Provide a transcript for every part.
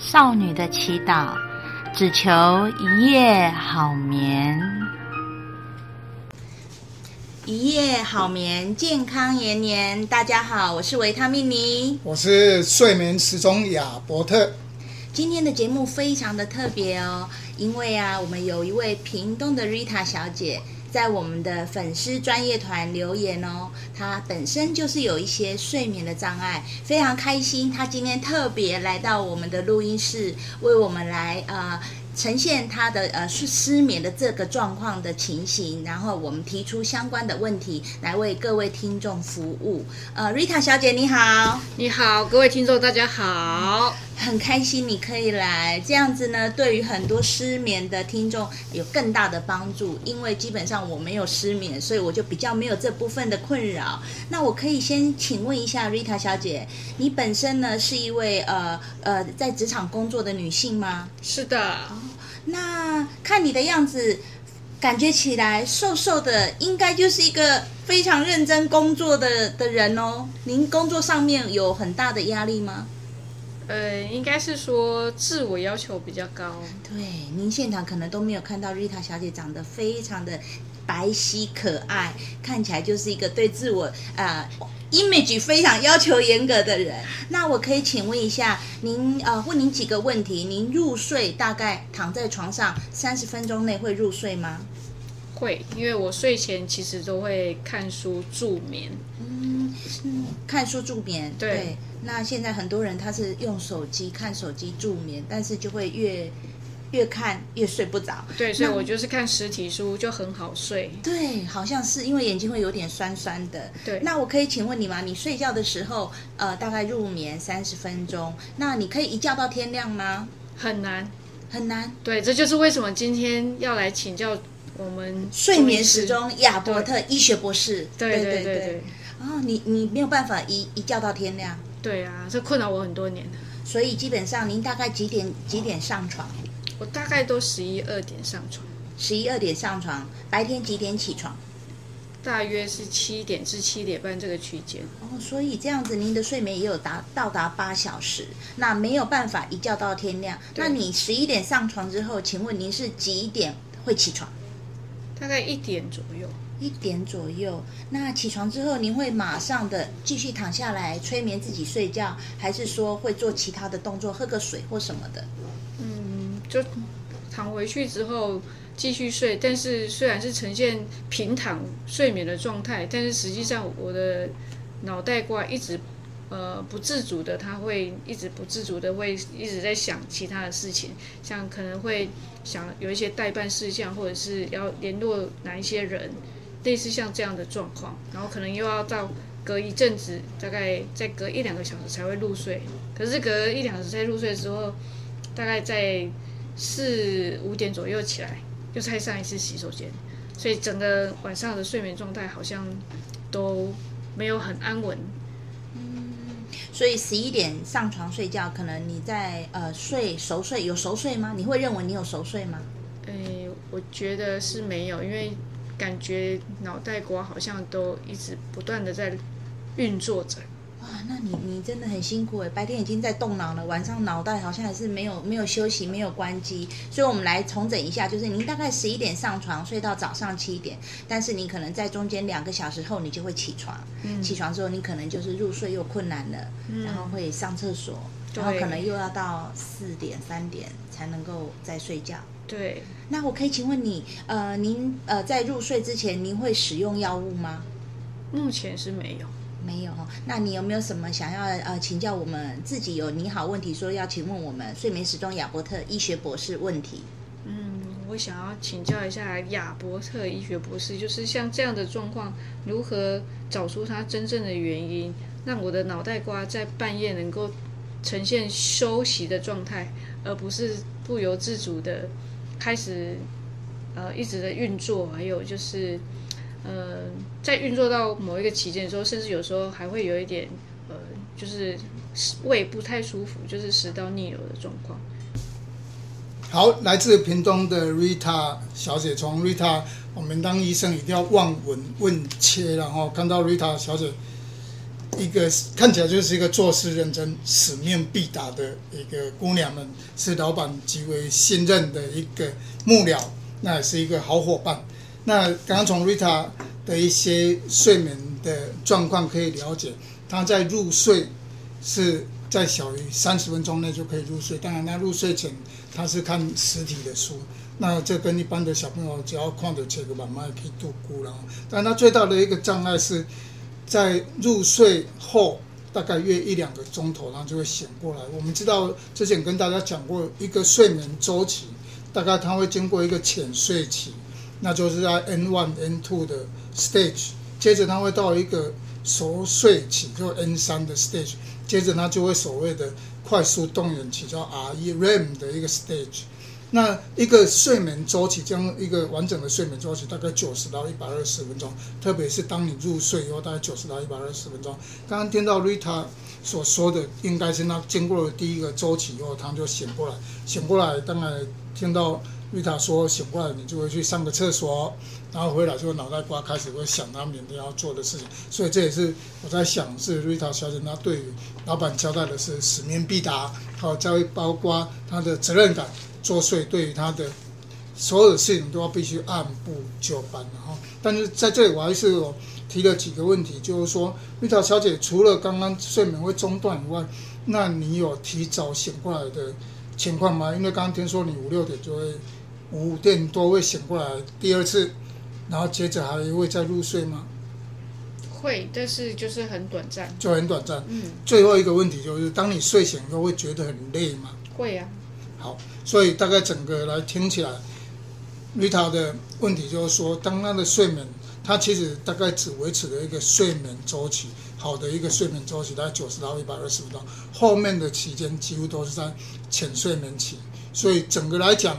少女的祈禱，只求一夜好眠，一夜好眠，健康延年，年。大家好，我是維他命尼，我是睡眠時鐘亞伯特。今天的節目非常的特別哦，因為啊，我們有一位屏東的 Rita 小姐。在我們的粉絲專頁留言哦，他本身就是有一些睡眠的障礙，非常開心，他今天特別來到我們的錄音室，為我們來呃。呈現他的呃是失眠的這個狀況的情形，然後我們提出相關的問題來為各位聽眾服務。呃，Rita 小姐，你好。你好，各位聽眾大家好。嗯，很開心你可以來這樣子呢，對於很多失眠的聽眾有更大的幫助。因為基本上我沒有失眠，所以我就比較沒有這部分的困擾。那我可以先請問一下 Rita 小姐，你本身呢是一位呃呃在職場工作的女性嗎？是的。那看你的樣子，感覺起來瘦瘦的，應該就是一個非常認真工作的的人哦。您工作上面有很大的壓力嗎？呃，應該是說自我要求比較高。對，您現場可能都沒有看到瑞塔小姐長得非常的。白皙可愛，看起來就是一個對自我呃 image 非常要求嚴格的人。那我可以請問一下您，呃，問您幾個問題：您入睡大概躺在床上三十分鐘內會入睡嗎？會，因為我睡前其實都會看書助眠。嗯嗯，看書助眠。對。對。那現在很多人他是用手機看手機助眠，但是就會越。越看越睡不着，對，那所以我就是看實體書就很好睡。對，好像是因為眼睛會有點酸酸的。對，那我可以請問你嗎？你睡覺的時候，呃，大概入眠三十分鐘，那你可以一覺到天亮嗎？很難，很難。對，這就是為什麼今天要來請教我們睡眠時鐘亞伯特對醫學博士。對對對對。哦，對對對然後你你沒有辦法一一覺到天亮。對啊，這困擾我很多年，所以基本上您大概幾點幾點上床？我大概都十一二點上床，十一二點上床，白天幾點起床？大約是七點至七點半這個區間。哦，所以這樣子您的睡眠也有達到，到達八小時，那沒有辦法一覺到天亮。對那你十一點上床之後，請問您是幾點會起床？大概一點左右。一點左右。那起床之後，您會馬上的繼續躺下來催眠自己睡覺，還是說會做其他的動作，喝個水或什麼的？就躺回去之後繼續睡，但是雖然是呈現平躺睡眠的狀態，但是實際上我的腦袋瓜一直呃不自主的，他會一直不自主的會一直在想其他的事情，像可能會想有一些待辦事項，或者是要聯絡哪一些人，類似像這樣的狀況，然後可能又要到隔一陣子，大概再隔一兩個小時才會入睡，可是隔一兩個小時才入睡之後，大概在。是五點左右起來，又再上一次洗手間，所以整個晚上的睡眠狀態好像都沒有很安穩。嗯，所以十一點上床睡覺，可能你在呃睡熟睡有熟睡嗎？你會認為你有熟睡嗎？誒、欸，我覺得是沒有，因為感覺腦袋瓜好像都一直不斷的在運作着。哇，那你你真的很辛苦誒。白天已經在動腦了，晚上腦袋好像還是沒有沒有休息，沒有關機，所以我們來重整一下，就是您大概十一點上床睡到早上七點，但是你可能在中間兩個小時後你就會起床，嗯、起床之後你可能就是入睡又困難了，嗯、然後會上廁所，對然後可能又要到四點三點才能夠再睡覺。對，那我可以請問你，呃，您呃在入睡之前您會使用藥物嗎？目前是沒有。沒有，那你有沒有什麼想要呃，請教我們自己有你好問題說要請問我們睡眠時鐘亞伯特醫學博士問題？嗯，我想要請教一下亞伯特醫學博士，就是像這樣的狀況，如何找出他真正的原因？讓我的腦袋瓜在半夜能夠呈現休息的狀態，而不是不由自主的開始呃，一直的運作，還有就是。嗯、呃，在運作到某一個期間的時候，甚至有時候還會有一點呃，就是胃不太舒服，就是食道逆流的狀況。好，來自屏東的 Rita 小姐，從 Rita，我們當醫生一定要望聞問切，然後看到 Rita 小姐一個看起來就是一個做事認真、使命必達的一個姑娘們，是老闆極為信任的一個幕僚，那也是一個好夥伴。那剛剛從 Rita 的一些睡眠的狀況可以了解，他在入睡是在小於三十分鐘內就可以入睡。當然，他入睡前他是看實體的書，那這跟一般的小朋友只要看着這個慢慢可以度過了。但他最大的一個障礙是在入睡後大概約一兩個鐘頭，然後就會醒過來。我們知道之前跟大家講過一個睡眠周期，大概他會經過一個淺睡期。那就是在 N one、N two 的 stage，接着它會到一個熟睡期，就 N 三的 stage，接着它就會所謂的快速動眼期，叫 R E REM 的一個 stage。那一個睡眠週期，將一個完整的睡眠週期大概九十到一百二十分鐘，特別是當你入睡以後，大概九十到一百二十分鐘。剛剛聽到 Rita 所說的，應該是那經過了第一個週期以後，他就醒過來，醒過來，當然聽到。瑞塔說醒過來，你就會去上個廁所，然後回來就腦袋瓜開始會想他明天要做的事情。所以這也是我在想，是瑞塔小姐她對於老闆交代的是使命必達，好，才會包括她的責任感作祟，做稅對於她的所有的事情都要必須按部就班。然後，但是在這裡，我還是有提了幾個問題，就是說瑞塔小姐除了剛剛睡眠會中斷以外，那你有提早醒過來的情況嗎？因為剛剛聽說你五六點就會。五點多會醒過來，第二次，然後接着還會再入睡嗎？會，但是就是很短暫。就很短暫。嗯。最後一個問題就是，當你睡醒後，會覺得很累嗎？會啊，好，所以大概整個來聽起來，瑞塔的問題就是說，當他的睡眠，他其實大概只維持了一個睡眠周期，好的一個睡眠周期大概九十到一百二十五到後面的期間幾乎都是在淺睡眠期，所以整個來講。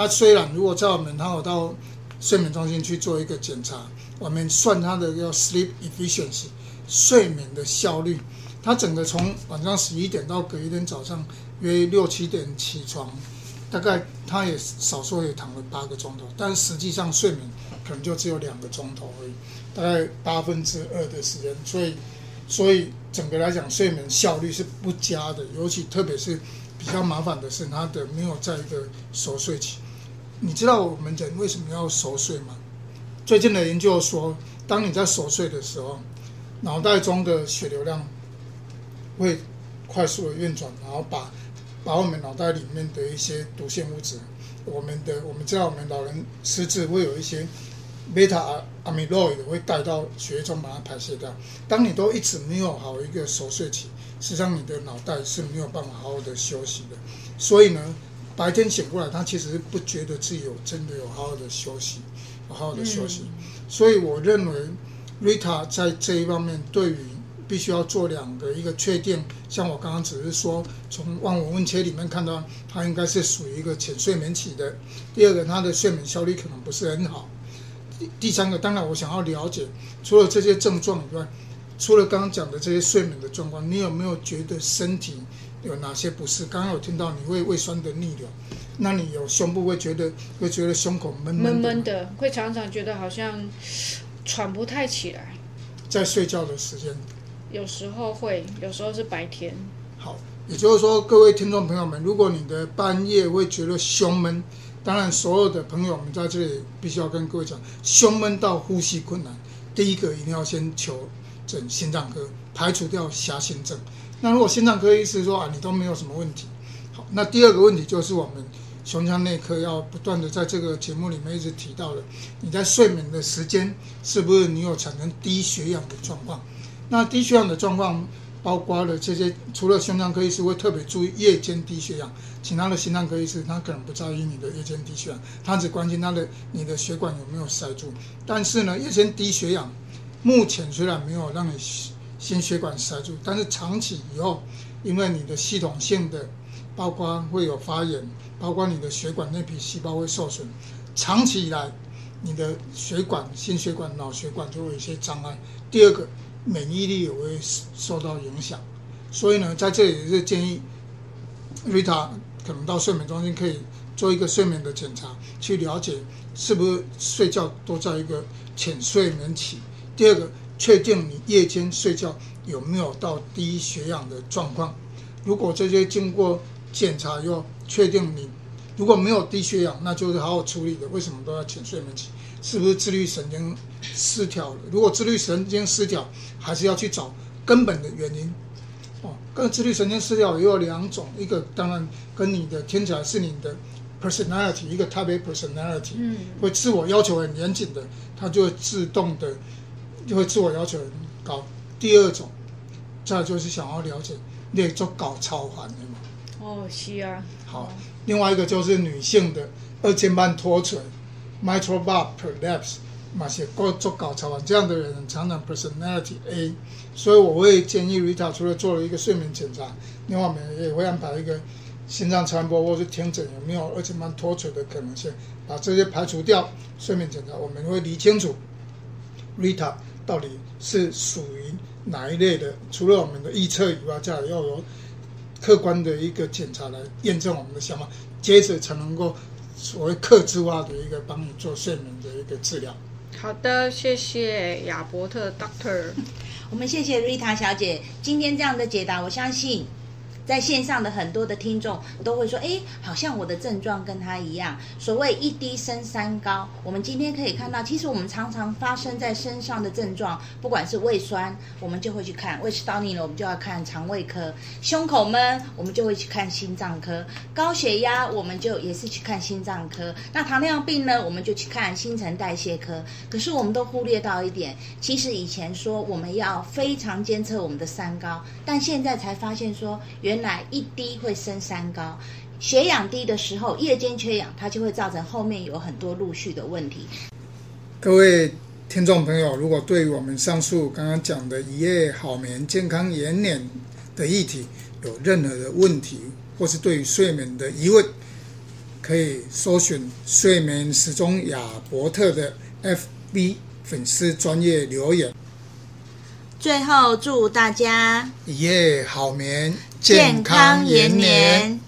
他雖然如果在我們他有到睡眠中心去做一個檢查，我們算他的要 sleep efficiency 睡眠的效率。他整個從晚上十一點到隔一天早上約六七點起床，大概他也少說也躺了八個鐘頭，但實際上睡眠可能就只有兩個鐘頭而已，大概八分之二的時間。所以所以整個來講，睡眠效率是不佳的，尤其特別是比較麻煩的是他的沒有在一個熟睡期。你知道我們人為什麼要熟睡嗎？最近的研究說，當你在熟睡的時候，腦袋中的血流量會快速的運轉，然後把把我們腦袋裡面的一些毒性物質，我們的我們知道，我們老人失智會有一些貝塔阿米洛伊會帶到血中，把它排泄掉。當你都一直沒有好一個熟睡期，實際上你的腦袋是沒有辦法好好的休息的。所以呢？白天醒過來，他其實不覺得自己有真的有好好的休息，好好的休息。嗯。所以我認為 Rita 在這一方面，對於必須要做兩個，一個確定，像我剛剛只是說從望聞問切裡面看到，他應該是屬於一個淺睡眠期的。第二個，他的睡眠效率可能不是很好。第第三個，當然我想要了解，除了這些症狀以外，除了剛剛講的這些睡眠的狀況，你有沒有覺得身體？有哪些不適？剛剛有聽到你胃胃酸的逆流，那你有胸部會覺得會覺得胸口悶悶，悶悶的，會常常覺得好像喘不太起來。在睡覺的時間，有時候會，有時候是白天。好，也就是說，各位聽眾朋友們，如果你的半夜會覺得胸悶，當然，所有的朋友們，在這裡必須要跟各位講，胸悶到呼吸困難，第一個一定要先求診心臟科，排除掉狹心症。那如果心臟科醫師說啊，你都沒有什麼問題，好，那第二個問題就是我們胸腔內科要不斷的在這個節目裡面一直提到的，你在睡眠的時間是不是你有產生低血氧的狀況？那低血氧的狀況包括了這些，除了胸腔科醫師會特別注意夜間低血氧，其他的心臟科醫師他可能不在意你的夜間低血氧，他只關心他的你的血管有沒有塞住。但是呢，夜間低血氧目前雖然沒有讓你。心血管塞住，但是長期以後，因為你的系統性的，包括會有發炎，包括你的血管內皮細胞會受損，長期以來，你的血管、心血管、腦血管就會有一些障礙。第二個，免疫力也會受到影響。所以呢，在這裡也是建議，Rita 可能到睡眠中心可以做一個睡眠的檢查，去了解是不是睡覺都在一個淺睡眠期。第二個。確定你夜間睡覺有沒有到低血氧的狀況？如果這些經過檢查又確定你如果沒有低血氧，那就是好好處理的。為什麼都要淺睡眠期？是不是自律神經失調了？如果自律神經失調，還是要去找根本的原因。哦，跟自律神經失調也有兩種，一個當然跟你的天才是你的 personality，一個 type A personality，會、嗯、自我要求很嚴謹的，它就會自動的。就會自我要求很高。第二種，再就是想要了解那做搞超凡的哦，是啊。好，另外一個就是女性的二尖瓣脫垂 m y t r a l v a t v e prolapse），那些做搞超凡這樣的人常常 personality A，所以我會建議 Rita 除了做了一個睡眠檢查，另外我們也會安排一個心臟超播，或者聽診有沒有二尖瓣脫垂的可能性，把這些排除掉。睡眠檢查我們會理清楚 r i 到底是屬於哪一類的？除了我們的預測以外，將要有客觀的一個檢查來驗證我們的想法，接着才能夠所謂客製化的一個幫你做睡眠的一個治療。好的，謝謝亞伯特 Doctor，我們謝謝瑞塔小姐今天這樣的解答，我相信。在線上的很多的聽眾都會說，哎，好像我的症狀跟他一樣。所謂一低升三高，我們今天可以看到，其實我們常常發生在身上的症狀，不管是胃酸，我們就會去看胃食道逆流，我們就要看腸胃科；胸口悶，我們就會去看心臟科；高血壓，我們就也是去看心臟科。那糖尿病呢，我們就去看新陳代謝科。可是我們都忽略到一點，其實以前說我們要非常監測我們的三高，但現在才發現說原。奶一滴會升三高，血氧低的時候，夜間缺氧，它就會造成後面有很多陸續的問題。各位聽眾朋友，如果對於我們上述剛剛講的“一夜好眠，健康延年”的議題有任何的問題，或是對於睡眠的疑問，可以搜尋“睡眠時鐘亞伯特”的 FB 粉絲專頁留言。最後，祝大家一夜好眠。健康延年。